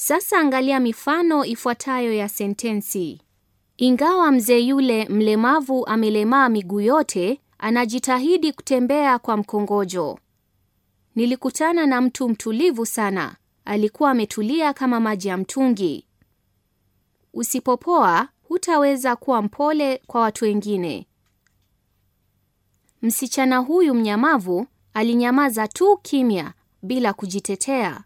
Sasa angalia mifano ifuatayo ya sentensi. Ingawa mzee yule mlemavu amelemaa miguu yote, anajitahidi kutembea kwa mkongojo. Nilikutana na mtu mtulivu sana. Alikuwa ametulia kama maji ya mtungi. Usipopoa, hutaweza kuwa mpole kwa watu wengine. Msichana huyu mnyamavu alinyamaza tu kimya bila kujitetea.